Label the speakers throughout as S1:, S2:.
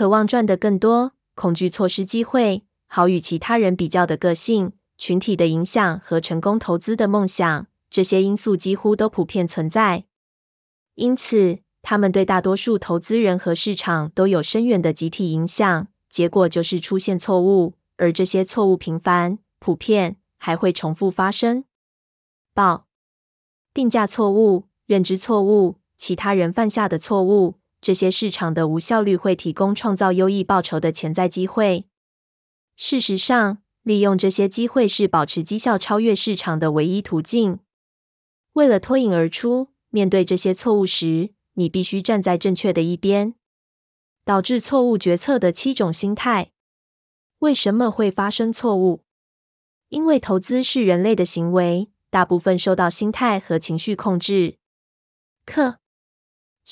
S1: 渴望賺得更多，恐懼錯失機會，好與其他人比較的個性、群體的影響和成功投資的夢想，這些因素幾乎都普遍存在。因此，他們對大多數投資人和市場都有深遠的集體影響。結果就是出現錯誤，而這些錯誤頻繁、普遍，還會重複發生。報定價錯誤、認知錯誤、其他人犯下的錯誤。這些市場的無效率會提供創造優異報酬的潛在機會。事實上，利用這些機會是保持績效超越市場的唯一途徑。為了脫穎而出，面對這些錯誤時，你必須站在正確的一邊。導致錯誤決策的七種心態。為什麼會發生錯誤？因為投資是人類的行為，大部分受到心態和情緒控制。可。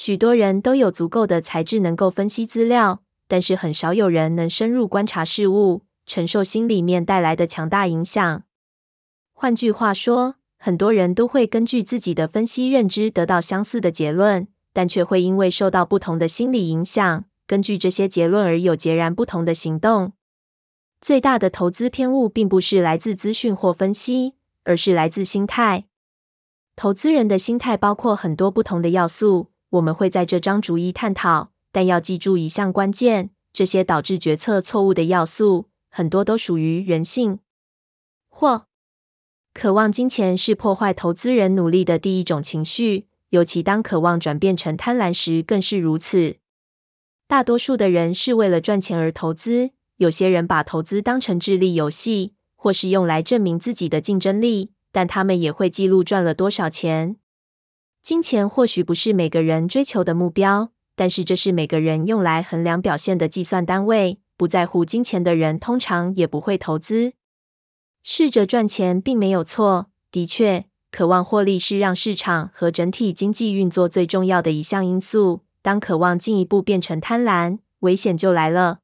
S1: 許多人都有足夠的才智能夠分析資料，但是很少有人能深入觀察事物，承受心理面帶來的強大影響。換句話說，很多人都會根據自己的分析認知得到相似的結論，但卻會因為受到不同的心理影響，根據這些結論而有截然不同的行動。最大的投資偏誤，並不是來自資訊或分析，而是來自心態。投資人的心態包括很多不同的要素。我們會在這章逐一探討，但要記住一項關鍵：這些導致決策錯誤的要素，很多都屬於人性。或，渴望金錢是破壞投資人努力的第一種情緒，尤其當渴望轉變成貪婪時，更是如此。大多數的人是為了賺錢而投資，有些人把投資當成智力遊戲，或是用來證明自己的競爭力，但他們也會記錄賺了多少錢。金錢或許不是每個人追求的目標，但是這是每個人用來衡量表現的計算單位。不在乎金錢的人，通常也不會投資。試着賺錢並沒有錯。的確，渴望獲利是讓市場和整體經濟運作最重要的一項因素。當渴望進一步變成貪婪，危險就來了。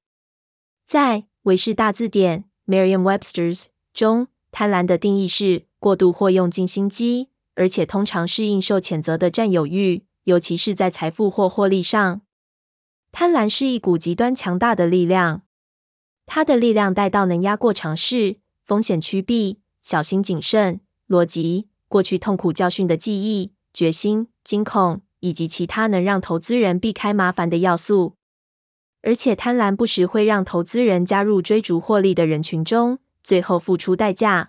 S1: 在《韋氏大字典 m i r r i a m w e b s t e r s 中，貪婪的定義是過度或用盡心機。而且通常是應受譴責的占有欲，尤其是在財富或獲利上。貪婪是一股極端強大的力量，它的力量大到能壓過常識、風險趨避、小心謹慎、邏輯、過去痛苦教訓的記憶、決心、驚恐以及其他能讓投資人避開麻煩的要素。而且，貪婪不時會讓投資人加入追逐獲利的人群中，最後付出代價。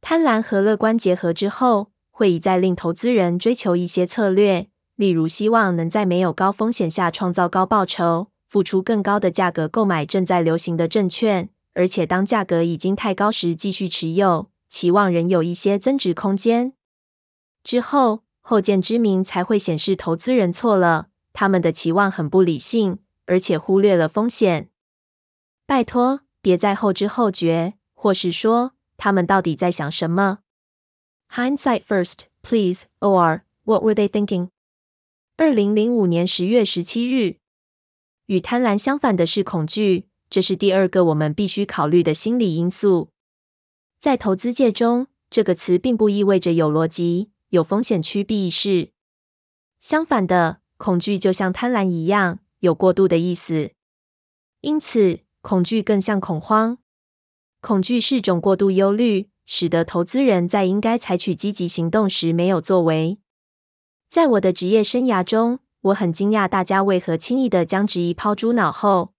S1: 貪婪和樂觀結合之後，會一再令投資人追求一些策略，例如希望能在沒有高風險下創造高報酬，付出更高的價格購買正在流行的證券，而且當價格已經太高時繼續持有，期望仍有一些增值空間。之後，後見之明才會顯示投資人錯了，他們的期望很不理性，而且忽略了風險。拜託，別再後知後覺，或是說他們到底在想什麼？Hindsight first, please, or what were they thinking? 二零零五年十月十七日，與貪婪相反的是恐懼，這是第二個我們必須考慮的心理因素。在投資界中，這個詞並不意味着有邏輯、有風險趨避意識。相反的，恐懼就像貪婪一樣，有過度的意思。因此，恐懼更像恐慌。恐懼是種過度憂慮。使得投資人在應該採取積極行動時沒有作為。在我的職業生涯中，我很驚訝大家為何輕易的將質疑拋諸腦後。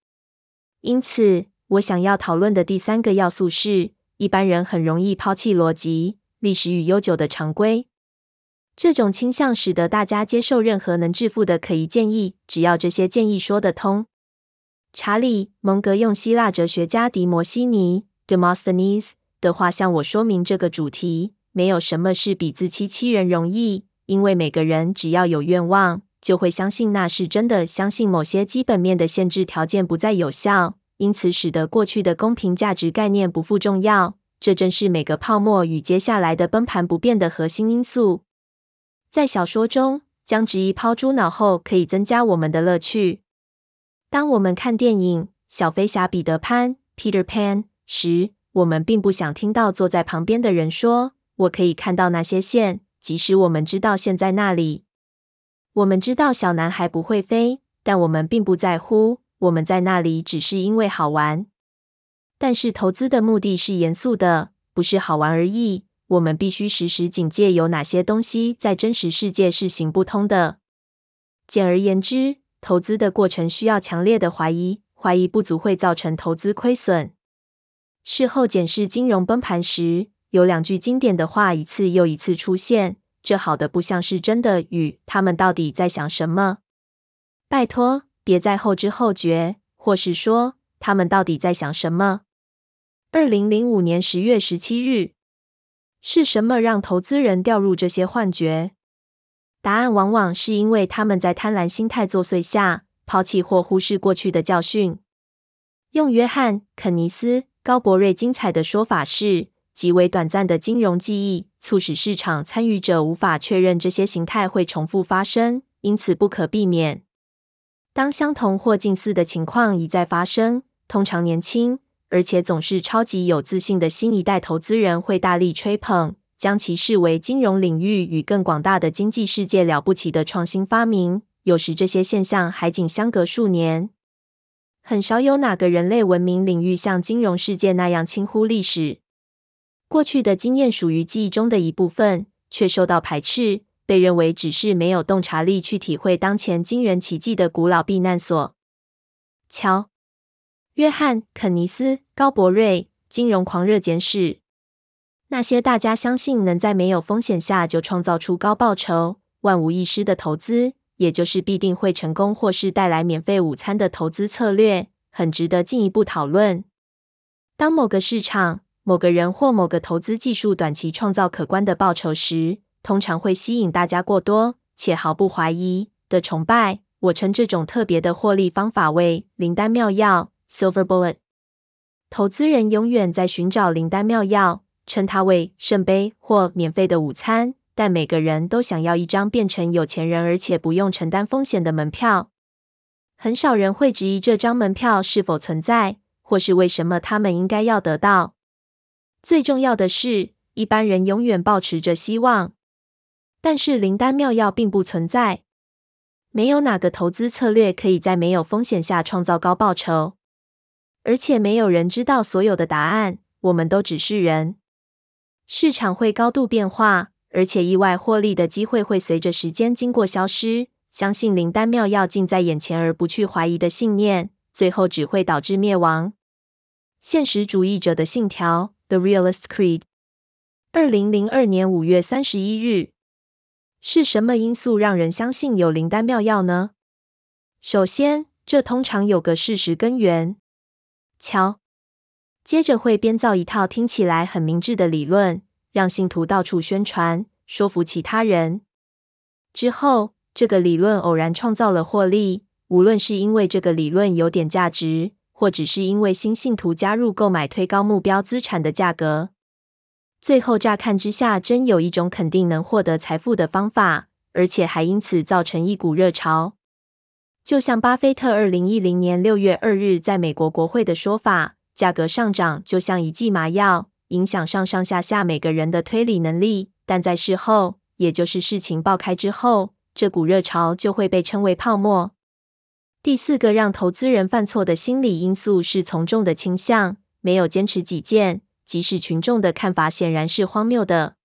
S1: 因此，我想要討論的第三個要素是：一般人很容易拋棄邏輯、歷史與悠久的常規。這種傾向使得大家接受任何能致富的可疑建議，只要這些建議說得通。查理·蒙格用希臘哲學家迪摩西尼 （Demosthenes）。的話，向我說明這個主題。沒有什麼是比自欺欺人容易，因為每個人只要有願望，就會相信那是真的，相信某些基本面的限制條件不再有效，因此使得過去的公平價值概念不復重要。這正是每個泡沫與接下來的崩盤不變的核心因素。在小說中，將質疑拋諸腦後，可以增加我們的樂趣。當我們看電影《小飛俠彼得潘》（Peter Pan） 時，我們並不想聽到坐在旁邊的人說：“我可以看到那些線，即使我們知道線在那裡。”我們知道小男孩不會飛，但我們並不在乎。我們在那裡只是因為好玩。但是投資的目的是嚴肅的，不是好玩而已。我們必須時時警戒有哪些東西在真實世界是行不通的。簡而言之，投資的過程需要強烈的懷疑，懷疑不足會造成投資虧損。事後檢視金融崩盤時，有兩句經典的話一次又一次出現：“這好的不像是真的。”與他們到底在想什麼？拜托，別再後知後覺，或是說他們到底在想什麼？二零零五年十月十七日，是什麼讓投資人掉入這些幻覺？答案往往是因為他們在貪婪心態作祟下，拋棄或忽視過去的教訓。用約翰·肯尼斯高伯瑞精彩的說法是：極為短暫的金融記憶促使市場參與者無法確認這些形態會重複發生，因此不可避免。當相同或近似的情況一再發生，通常年輕而且總是超級有自信的新一代投資人會大力吹捧，將其視為金融領域與更廣大的經濟世界了不起的創新發明。有時這些現象還僅相隔數年。很少有哪個人類文明領域像金融世界那樣輕忽歷史。過去的經驗屬於記憶中的一部分，卻受到排斥，被認為只是沒有洞察力去體會當前驚人奇蹟的古老避難所。瞧，約翰·肯尼斯·高伯瑞《金融狂熱簡史》，那些大家相信能在沒有風險下就創造出高報酬、萬無一失的投資。也就是必定會成功，或是帶來免費午餐的投資策略，很值得進一步討論。當某個市場、某個人或某個投資技術短期創造可觀的報酬時，通常會吸引大家過多且毫不懷疑的崇拜。我稱這種特別的獲利方法為靈丹妙藥 （Silver Bullet）。投資人永遠在尋找靈丹妙藥，稱它為聖杯或免費的午餐。但每個人都想要一張變成有錢人，而且不用承擔風險的門票。很少人會質疑這張門票是否存在，或是為什麼他們應該要得到。最重要的是，一般人永遠抱持着希望。但是靈丹妙藥並不存在，沒有哪個投資策略可以在沒有風險下創造高報酬，而且沒有人知道所有的答案。我們都只是人，市場會高度變化。而且意外獲利的機會會隨着時間經過消失。相信靈丹妙藥近在眼前而不去懷疑的信念，最後只會導致滅亡。現實主義者的信條：The Realist Creed。二零零二年五月三十一日，是什麼因素讓人相信有靈丹妙藥呢？首先，這通常有個事實根源。瞧，接着會編造一套聽起來很明智的理論。讓信徒到處宣傳，說服其他人。之後，這個理論偶然創造了獲利，無論是因為這個理論有點價值，或者是因為新信徒加入購買推高目標資產的價格。最後，乍看之下，真有一種肯定能獲得財富的方法，而且還因此造成一股熱潮。就像巴菲特二零一零年六月二日在美國國會的說法：“價格上漲就像一劑麻藥。”影響上上下下每個人的推理能力，但在事後，也就是事情爆開之後，這股熱潮就會被稱為泡沫。第四個讓投資人犯錯的心理因素是從眾的傾向，沒有堅持己見，即使群眾的看法顯然是荒謬的。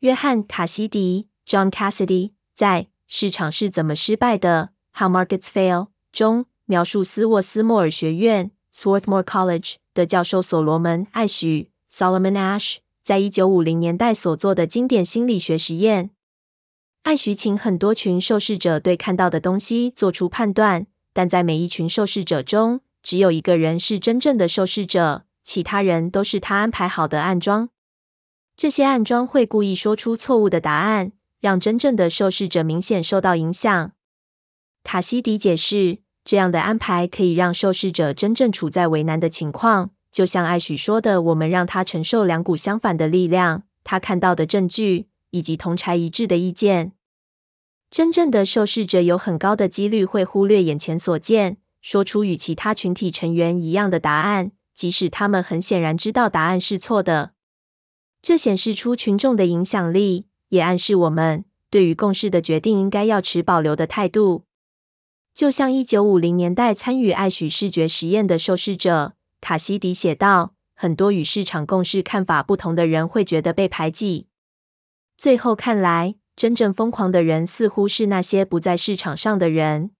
S1: 約翰·卡西迪 （John Cassidy） 在《市場是怎麼失敗的》（How Markets Fail） 中描述，斯沃斯莫爾學院 （Swarthmore College） 的教授所羅門·艾許。Solomon Asch 在一九五零年代所做的經典心理學實驗，艾許請很多群受試者對看到的東西做出判斷，但在每一群受試者中，只有一個人是真正的受試者，其他人都是他安排好的暗樁。這些暗樁會故意說出錯誤的答案，讓真正的受試者明顯受到影響。卡西迪解釋，這樣的安排可以讓受試者真正處在為難的情況。就像艾許說的，我們讓他承受兩股相反的力量，他看到的證據以及同儕一致的意見。真正的受試者有很高的幾率會忽略眼前所見，說出與其他群體成員一樣的答案，即使他們很顯然知道答案是錯的。這顯示出群眾的影響力，也暗示我們對於共識的決定應該要持保留的態度。就像一九五零年代參與艾許視覺實驗的受試者。卡西迪寫道：“很多與市場共識看法不同的人會覺得被排擠。最後看來，真正瘋狂的人似乎是那些不在市場上的人。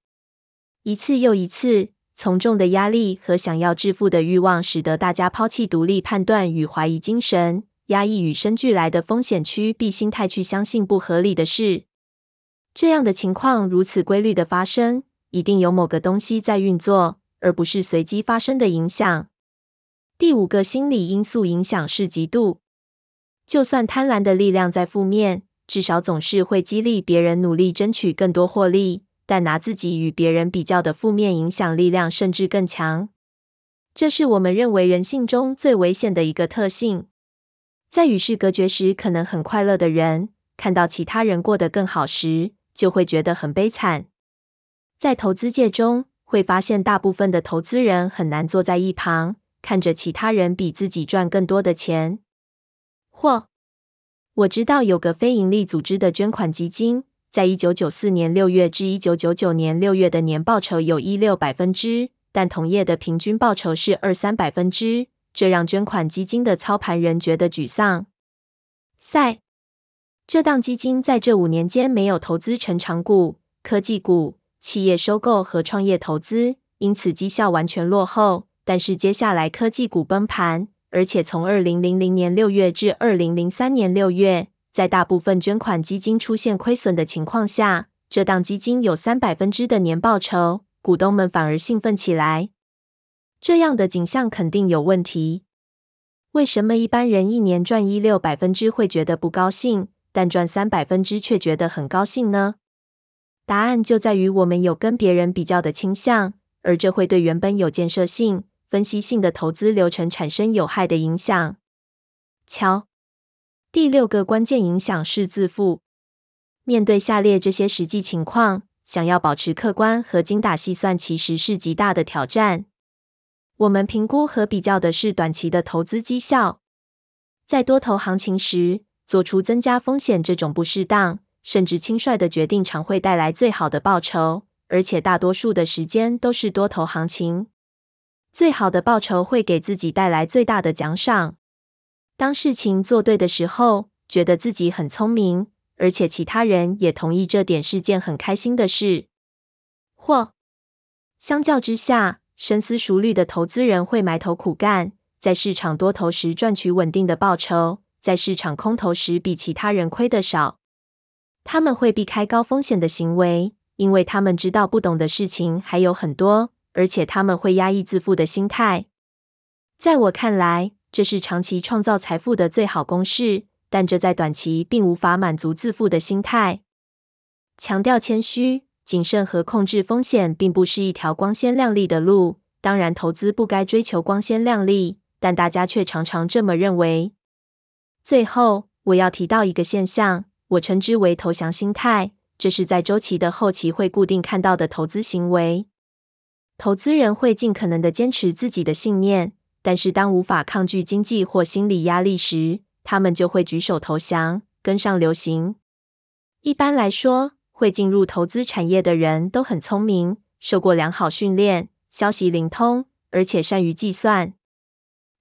S1: 一次又一次，從眾的壓力和想要致富的慾望，使得大家拋棄獨立判斷與懷疑精神，壓抑與生俱來的風險規避心態，去相信不合理的事。這樣的情況如此規律的發生，一定有某個東西在運作，而不是隨機發生的影響。”第五個心理因素影響是嫉妒。就算貪婪的力量在負面，至少總是會激勵別人努力爭取更多獲利，但拿自己與別人比較的負面影響力量甚至更強。這是我們認為人性中最危險的一個特性。在與世隔絕時可能很快樂的人，看到其他人過得更好時，就會覺得很悲慘。在投資界中，會發現大部分的投資人很難坐在一旁。看着其他人比自己賺更多的錢，或火，我知道有個非營利組織的捐款基金，在一九九四年六月至一九九九年六月的年報酬有一六百分之，但同業的平均報酬是二三百分之，這讓捐款基金的操盤人覺得沮喪。賽塞，這檔基金在這五年間沒有投資成長股、科技股、企業收購和創業投資，因此績效完全落後。但是接下來科技股崩盤，而且從二零零零年六月至二零零三年六月，在大部分捐款基金出現虧損的情況下，這檔基金有三百分之的年報酬，股東們反而興奮起來。這樣的景象肯定有問題。為什麼一般人一年賺一六百分之會覺得不高興，但賺三百分之卻覺得很高興呢？答案就在於我們有跟別人比較的傾向，而這會對原本有建設性。分析性的投資流程產生有害的影響。瞧，第六個關鍵影響是自負。面對下列這些實際情況，想要保持客觀和精打細算其實是極大的挑戰。我們評估和比較的是短期的投資績效。在多頭行情時，做出增加風險這種不適當甚至輕率的決定，常會帶來最好的報酬，而且大多數的時間都是多頭行情。最好的報酬會給自己帶來最大的獎賞。當事情做對的時候，覺得自己很聰明，而且其他人也同意這點，是件很開心的事。或相較之下，深思熟慮的投資人會埋頭苦幹，在市場多頭時賺取穩定的報酬，在市場空頭時比其他人虧得少。他們會避開高風險的行為，因為他們知道不懂的事情還有很多。而且他們會壓抑自負的心態，在我看來，這是長期創造財富的最好公式。但這在短期並無法滿足自負的心態。強調謙虛、謹慎和控制風險，並不是一條光鮮亮麗的路。當然，投資不該追求光鮮亮麗，但大家卻常常這麼認為。最後，我要提到一個現象，我稱之為“投降心態”，這是在周期的後期會固定看到的投資行為。投資人會盡可能的堅持自己的信念，但是當無法抗拒經濟或心理壓力時，他們就會舉手投降，跟上流行。一般來說，會進入投資產業的人都很聰明，受過良好訓練，消息靈通，而且善於計算。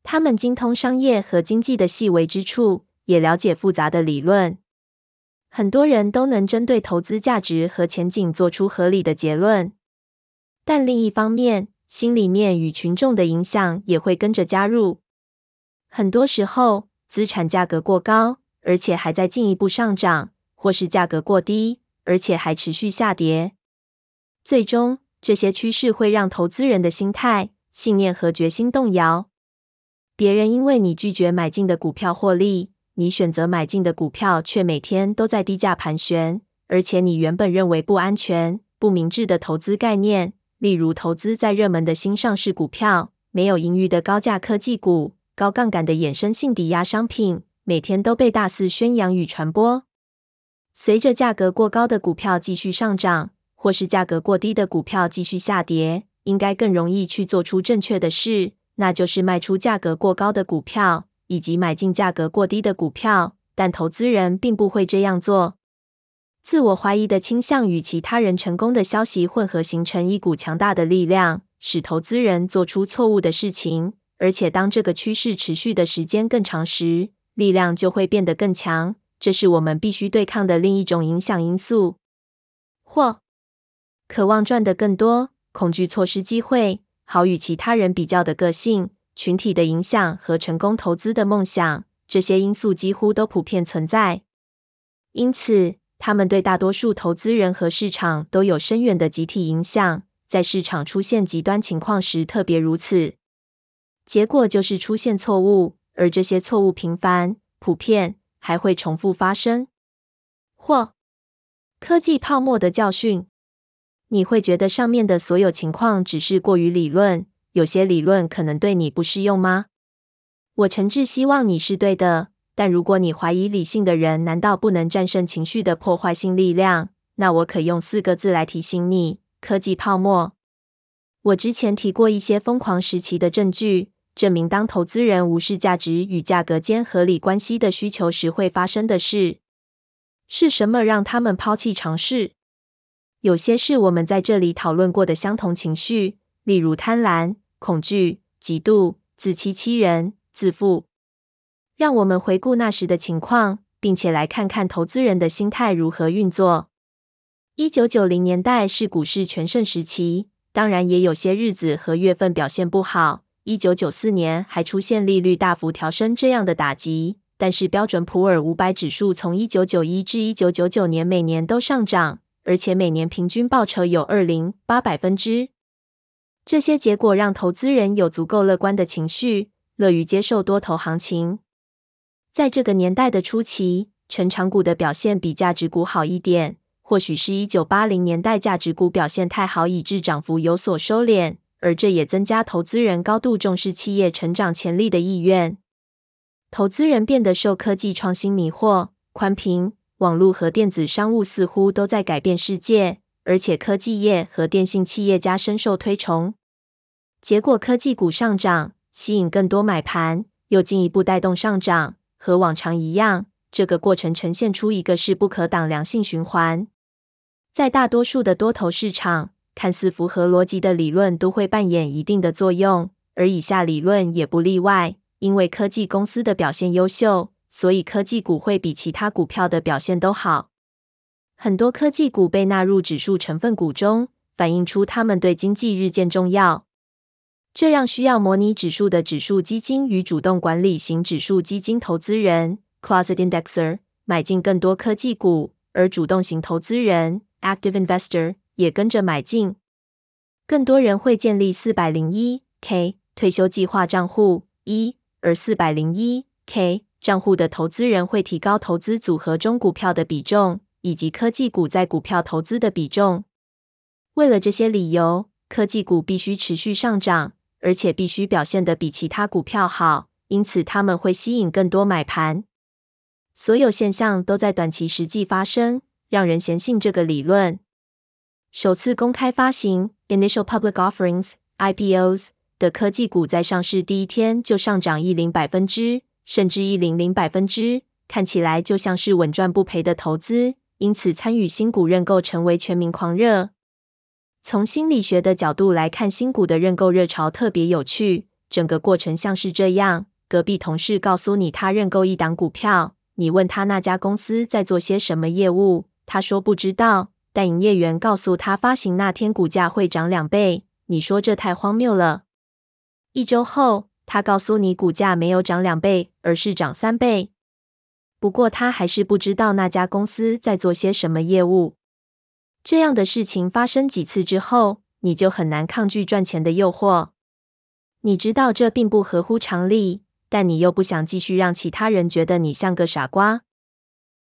S1: 他們精通商業和經濟的細微之處，也了解複雜的理論。很多人都能針對投資價值和前景做出合理的結論。但另一方面，心理面與群眾的影響也會跟着加入。很多時候，資產價格過高，而且還在進一步上漲；或是價格過低，而且還持續下跌。最終，這些趨勢會讓投資人的心態、信念和決心動搖。別人因為你拒絕買進的股票獲利，你選擇買進的股票卻每天都在低價盤旋，而且你原本認為不安全、不明智的投資概念。例如，投資在熱門的新上市股票、沒有盈餘的高價科技股、高槓桿的衍生性抵押商品，每天都被大肆宣揚與傳播。隨着價格過高的股票繼續上漲，或是價格過低的股票繼續下跌，應該更容易去做出正確的事，那就是賣出價格過高的股票，以及買進價格過低的股票。但投資人並不會這樣做。自我懷疑的傾向與其他人成功的消息混合，形成一股強大的力量，使投資人做出錯誤的事情。而且，當這個趨勢持續的時間更長時，力量就會變得更強。這是我們必須對抗的另一種影響因素。或渴望賺得更多、恐懼錯失機會、好與其他人比較的個性、群體的影響和成功投資的夢想，這些因素幾乎都普遍存在。因此，他們對大多數投資人和市場都有深遠的集體影響，在市場出現極端情況時，特別如此。結果就是出現錯誤，而這些錯誤頻繁、普遍，還會重複發生。或科技泡沫的教訓，你會覺得上面的所有情況只是過於理論，有些理論可能對你不適用嗎？我誠摯希望你是對的。但如果你懷疑理性的人難道不能戰勝情緒的破壞性力量，那我可用四個字來提醒你：科技泡沫。我之前提過一些瘋狂時期的證據，證明當投資人無視價值與價格間合理關係的需求時，會發生的事。是什麼讓他們拋棄嘗試？有些是我們在這裡討論過的相同情緒，例如貪婪、恐懼、嫉妒、自欺欺人、自負。讓我們回顧那時的情況，並且來看看投資人的心態如何運作。一九九零年代是股市全盛時期，當然也有些日子和月份表現不好。一九九四年還出現利率大幅調升這樣的打擊，但是標準普爾五百指數從一九九一至一九九九年每年都上漲，而且每年平均報酬有二零八百分之。這些結果讓投資人有足夠樂觀的情緒，樂於接受多頭行情。在這個年代的初期，成長股的表現比價值股好一點。或許是一九八零年代價值股表現太好，以致漲幅有所收斂，而這也增加投資人高度重視企業成長潛力的意願。投資人變得受科技創新迷惑，寬頻、網絡和電子商務似乎都在改變世界，而且科技業和電信企業家深受推崇。結果，科技股上漲，吸引更多買盤，又進一步帶動上漲。和往常一樣，這個過程呈現出一個勢不可擋良性循環。在大多數的多頭市場，看似符合邏輯的理論都會扮演一定的作用，而以下理論也不例外。因為科技公司的表現優秀，所以科技股會比其他股票的表現都好。很多科技股被納入指數成分股中，反映出它們對經濟日漸重要。這讓需要模擬指數的指數基金與主動管理型指數基金投資人 c l o s e t indexer） 買進更多科技股，而主動型投資人 （active investor） 也跟着買進。更多人會建立四百零一 k 退休計劃賬戶一，而四百零一 k 賬戶的投資人會提高投資組合中股票的比重，以及科技股在股票投資的比重。為了這些理由，科技股必須持續上漲。而且必須表現得比其他股票好，因此他們會吸引更多買盤。所有現象都在短期實際發生，讓人相信這個理論。首次公開發行 （Initial Public Offerings, IPOs） 的科技股在上市第一天就上漲10%，甚至100%，看起來就像是穩賺不賠的投資。因此，參與新股認購成為全民狂熱。從心理學的角度來看，新股的認購熱潮特別有趣。整個過程像是這樣：隔壁同事告訴你他認購一檔股票，你問他那家公司在做些什麼業務，他說不知道。但營業員告訴他發行那天股價會漲兩倍，你說這太荒謬了。一周後，他告訴你股價沒有漲兩倍，而是漲三倍。不過他還是不知道那家公司在做些什麼業務。這樣的事情發生幾次之後，你就很難抗拒賺錢的誘惑。你知道這並不合乎常理，但你又不想繼續讓其他人覺得你像個傻瓜。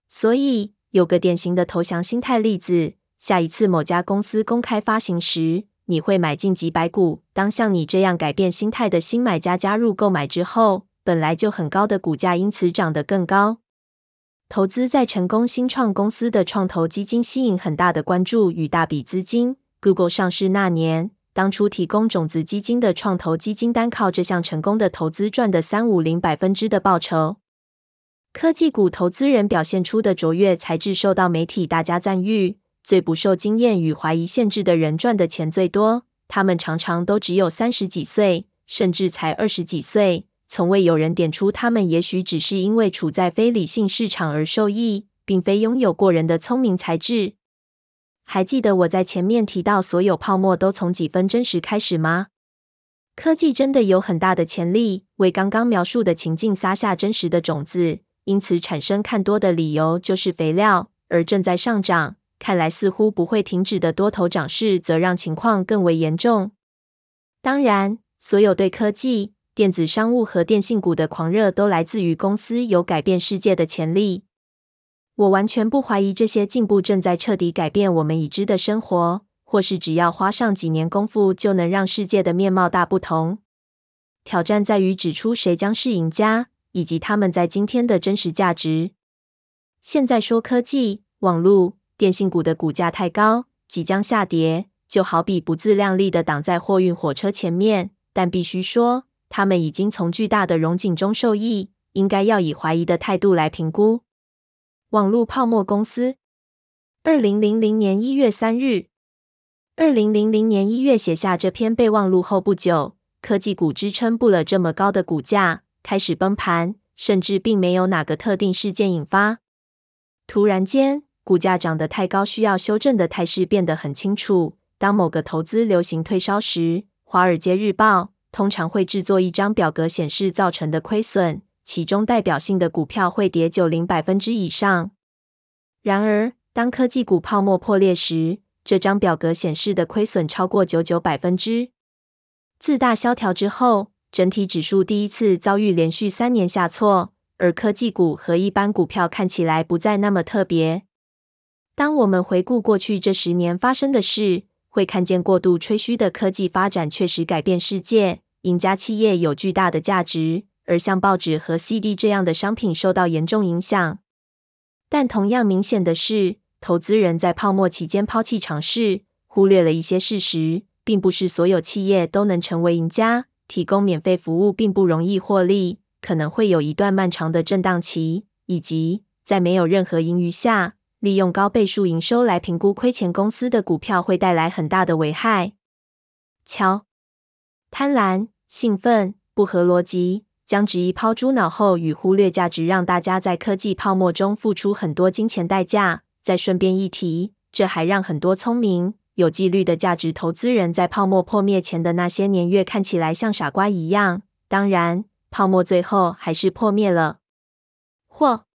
S1: 所以，有個典型的投降心態例子，下一次某家公司公開發行時，你會買進幾百股，當像你這樣改變心態的新買家加入購買之後，本來就很高的股價因此漲得更高。投資在成功新創公司的創投基金吸引很大的關注與大筆資金。Google 上市那年，當初提供種子基金的創投基金單靠這項成功的投資賺的三五零百分之的報酬。科技股投資人表現出的卓越才智受到媒體大家讚譽，最不受經驗與懷疑限制的人賺的錢最多，他們常常都只有三十幾歲，甚至才二十幾歲。從未有人點出他們也許只是因為處在非理性市場而受益，並非擁有過人的聰明才智。還記得我在前面提到所有泡沫都從幾分真實開始嗎？科技真的有很大的潛力，為剛剛描述的情境撒下真實的種子，因此產生看多的理由就是肥料。而正在上漲，看來似乎不會停止的多頭漲勢，則讓情況更為嚴重。當然，所有對科技、電子商務和電信股的狂熱都來自於公司有改變世界的潛力。我完全不懷疑這些進步正在徹底改變我們已知的生活，或是只要花上幾年功夫就能讓世界的面貌大不同。挑戰在於指出誰將是贏家，以及他們在今天的真實價值。現在說科技、網絡、電信股的股價太高，即將下跌，就好比不自量力地擋在貨運火車前面，但必須說，他們已經從巨大的榮景中受益，應該要以懷疑的態度來評估。網絡泡沫公司。二零零零年一月三日，二零零零年一月寫下這篇備忘錄後不久，科技股支撐不了這麼高的股價，開始崩盤，甚至並沒有哪個特定事件引發。突然間，股價漲得太高，需要修正的態勢變得很清楚。當某個投資流行退燒時，《華爾街日報》。通常會制作一張表格顯示造成的虧損，其中代表性的股票會跌百分之九十以上。然而，當科技股泡沫破裂時，這張表格顯示的虧損超過百分之九十九。自大蕭條之後，整體指數第一次遭遇連續三年下挫，而科技股和一般股票看起來不再那麼特別。當我們回顧過去這十年發生的事，會看見過度吹噓的科技發展確實改變世界，贏家企業有巨大的價值，而像報紙和 CD 這樣的商品受到嚴重影響。但同樣明顯的是，投資人在泡沫期間拋棄嘗試，忽略了一些事實，並不是所有企業都能成為贏家，提供免費服務並不容易獲利，可能會有一段漫長的震盪期，以及在沒有任何盈餘下。利用高倍數營收來評估虧錢公司的股票會帶來很大的危害。瞧，貪婪、興奮、不合邏輯，將質疑拋諸腦後與忽略價值，讓大家在科技泡沫中付出很多金錢代價。再順便一提，這還讓很多聰明、有紀律的價值投資人，在泡沫破滅前的那些年月看起來像傻瓜一樣。當然，泡沫最後還是破滅了。或。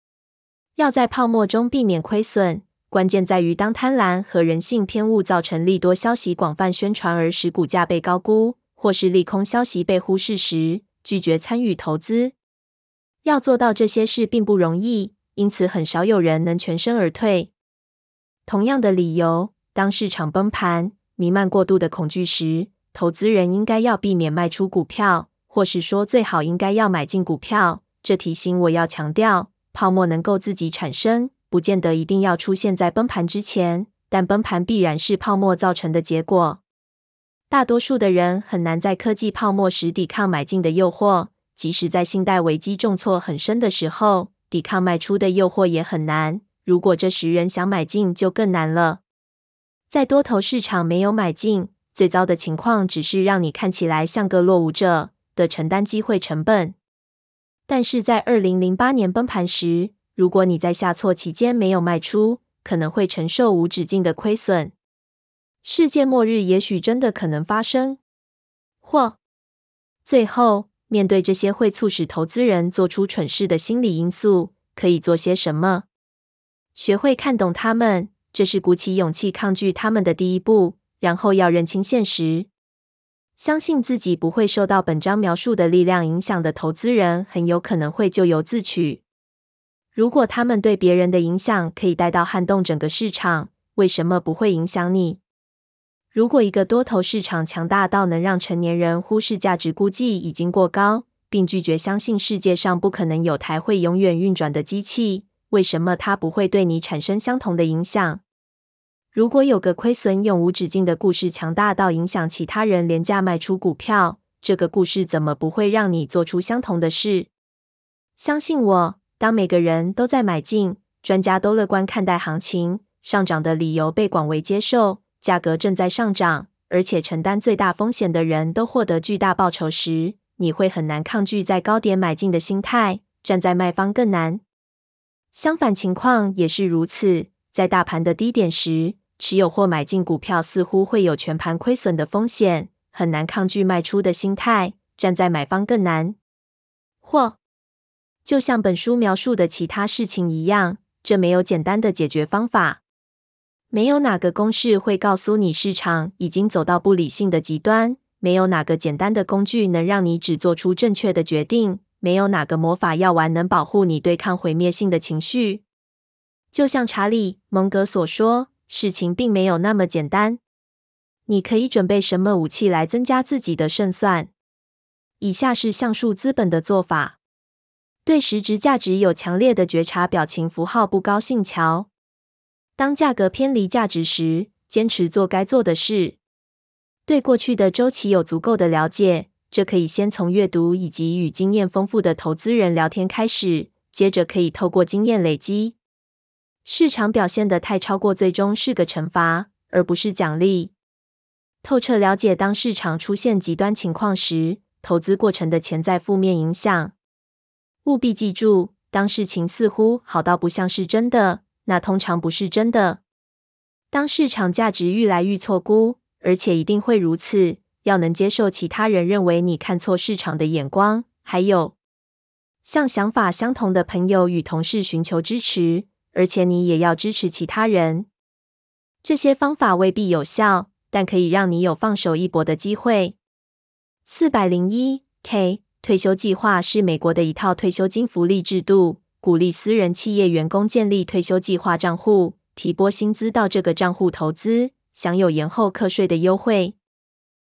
S1: 要在泡沫中避免虧損，關鍵在於當貪婪和人性偏誤造成利多消息廣泛宣傳而使股價被高估，或是利空消息被忽視時，拒絕參與投資。要做到這些事並不容易，因此很少有人能全身而退。同樣的理由，當市場崩盤、彌漫過度的恐懼時，投資人應該要避免賣出股票，或是說最好應該要買進股票。這提醒我要強調。泡沫能夠自己產生，不見得一定要出現在崩盤之前，但崩盤必然是泡沫造成的結果。大多數的人很難在科技泡沫時抵抗買進的誘惑，即使在信貸危機重挫很深的時候，抵抗賣出的誘惑也很難。如果這時人想買進，就更難了。在多頭市場沒有買進，最糟的情況只是讓你看起來像個落伍者，得承擔機會成本。但是在二零零八年崩盤時，如果你在下挫期間沒有賣出，可能會承受無止境的虧損。世界末日也許真的可能發生。或，最後面對這些會促使投資人做出蠢事的心理因素，可以做些什麼？學會看懂他們，這是鼓起勇氣抗拒他們的第一步，然後要認清現實。相信自己不會受到本章描述的力量影響的投資人，很有可能會咎由自取。如果他們對別人的影響可以帶到撼動整個市場，為什麼不會影響你？如果一個多頭市場強大到能讓成年人忽視價值估計已經過高，並拒絕相信世界上不可能有台會永遠運轉的機器，為什麼它不會對你產生相同的影響？如果有個虧損永無止境的故事，強大到影響其他人廉價賣出股票，這個故事怎麼不會讓你做出相同的事？相信我，當每個人都在買進，專家都樂觀看待行情，上漲的理由被廣為接受，價格正在上漲，而且承擔最大風險的人都獲得巨大報酬時，你會很難抗拒在高點買進的心態，站在賣方更難。相反情況也是如此，在大盤的低點時。持有或買進股票似乎會有全盤虧損的風險，很難抗拒賣出的心態，站在買方更難。或就像本書描述的其他事情一樣，這沒有簡單的解決方法。沒有哪個公式會告訴你市場已經走到不理性的極端，沒有哪個簡單的工具能讓你只做出正確的決定，沒有哪個魔法藥丸能保護你對抗毀滅性的情緒。就像查理·蒙格所說。事情並沒有那麼簡單。你可以準備什麼武器來增加自己的勝算？以下是橡樹資本的做法：對實質價值有強烈的覺察。表情符號：不高興。瞧，當價格偏離價值時，堅持做該做的事。對過去的周期有足夠的了解，這可以先從閱讀以及與經驗豐富的投資人聊天開始，接着可以透過經驗累積。市場表現得太超過，最終是個懲罰，而不是獎勵。透徹了解當市場出現極端情況時，投資過程的潛在負面影響。務必記住，當事情似乎好到不像是真的，那通常不是真的。當市場價值愈來愈錯估，而且一定會如此，要能接受其他人認為你看錯市場的眼光，還有，向想法相同的朋友與同事尋求支持。而且你也要支持其他人。這些方法未必有效，但可以讓你有放手一搏的機會。四百零一 k 退休計劃是美國的一套退休金福利制度，鼓勵私人企業員工建立退休計劃賬戶，提撥薪資到這個賬戶投資，享有延後課稅的優惠。